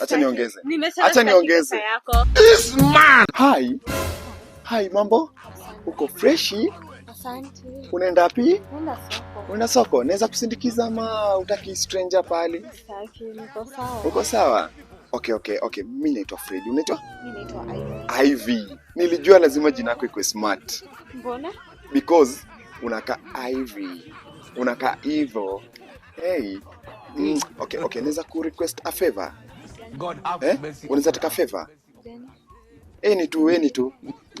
Acha niongeze. Acha niongeze. This man. Hi. Hi, mambo? Uko freshi? Asante. Unaenda wapi? Unaenda soko. Naweza kusindikiza ama utaki stranger pale? Uko sawa? Okay, okay, okay. Mimi naitwa Fred. Unaitwa? Mimi naitwa Ivy. Ivy. Nilijua lazima jina lako ikuwe smart. Mbona? Because unaka Ivy. Unaka hivyo. Hey. Mm, okay, okay. Naweza ku a favor? eh? Unaweza taka favor eni eh, tu eni eh, tu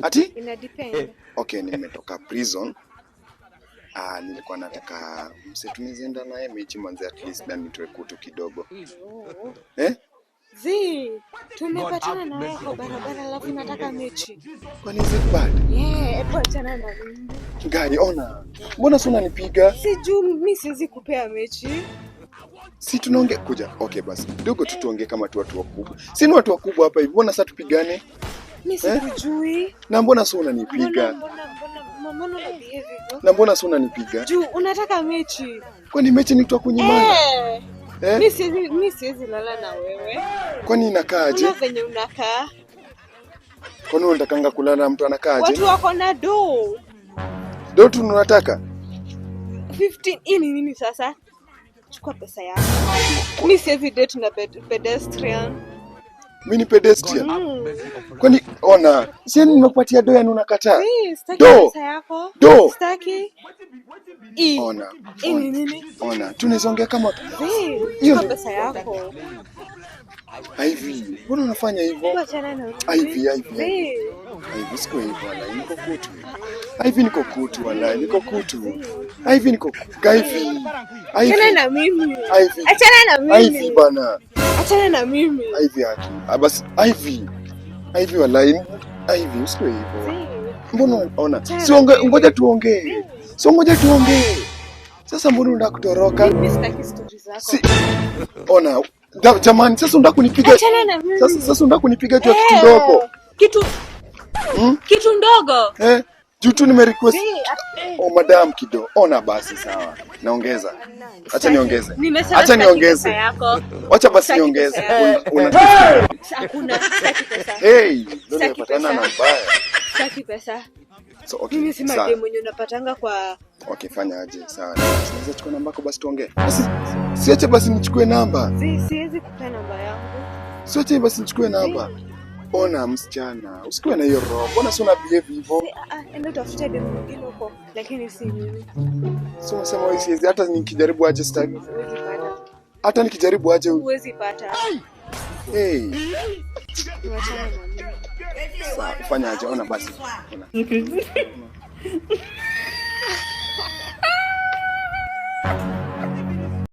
ati ina depend. Eh. Okay, nimetoka prison Ah, nilikuwa nataka mse msitumizienda naye mechi manze, at least na nitoe kutu kidogo oh. Eh? Zi, tumepatana na wewe kwa barabara alafu nataka mechi. Kwa nini ziko bad? Yeah, epo achana na mimi. Gari, ona. Mbona si unanipiga? Sijui mimi siwezi kupea mechi. Si tunaongea kuja. Okay basi. Dogo tu kama tu watu wakubwa. Si ni watu wakubwa hapa hivi. Mbona sasa tupigane? Mimi eh? sikujui. Eh? Na mbona sasa unanipiga? Na mbona sasa unanipiga? Juu unataka mechi. Kwani mechi ni kutoa kunyimana? Eh. Eh? Mimi siwezi mimi siwezi lala na wewe. Kwani inakaaje? Una venye unakaa. Kwani anga kulala na mtu anakaaje? Watu wako na do. Do tu unataka? 15 hii ni nini sasa? chukua pesa yako. Mi siwezi date na pedestrian. Mi ni pedestrian? Mm. Kwani ona, si yaani nimekupatia do yani unakataa? Sitaki pesa yako. Do. Sitaki. Ona. Ona, tunaweza ongea kama hiyo pesa yako. Ivy, mbona unafanya hivyo? Ivy, Ivy. Ivy, siko hivyo, wala niko kutu. Ivy, niko kutu, wala niko kutu. Hivi niko kaifi. Achana na mimi. Achana na mimi. Hivi bana. Achana na mimi. Hivi haki. Ah, ah, basi hivi. Hivi wallahi. Hivi usiwe hivyo. Mbona ona? Si ngoja tuongee. Si ngoja tuongee. Sasa mbona unataka kutoroka? Mimi sitaki stories zako. Ona. Jamani, sasa unataka kunipiga. Achana na mimi. Sasa sasa unataka kunipiga tu kitu ndogo. Hmm? Kitu. Kitu ndogo. Eh. Juu tu nime request. Oh, madam kido. Ona basi sawa. Naongeza. Acha niongeze. Acha niongeze. acha basi niongeze. Una hakuna sitaki pesa. Hey, ndio napatana na mbaya. Sitaki pesa. So okay. Mimi sima ile mwenye unapatanga kwa Okay, fanya aje. Sawa. Naweza chukua namba yako basi tuongee. Basi siache basi nichukue namba. Si siwezi kupata namba yangu. Siache basi nichukue namba. Ona msichana, usikiwe na hiyo roho. Mbona si una behave hivyo? Eh, ah, ah, huko, lakini si mimi. wewe siwezi, hata nikijaribu aje Hata nikijaribu aje huwezi pata. Hey. mimi. ufanyaje? Ona basi. Ona.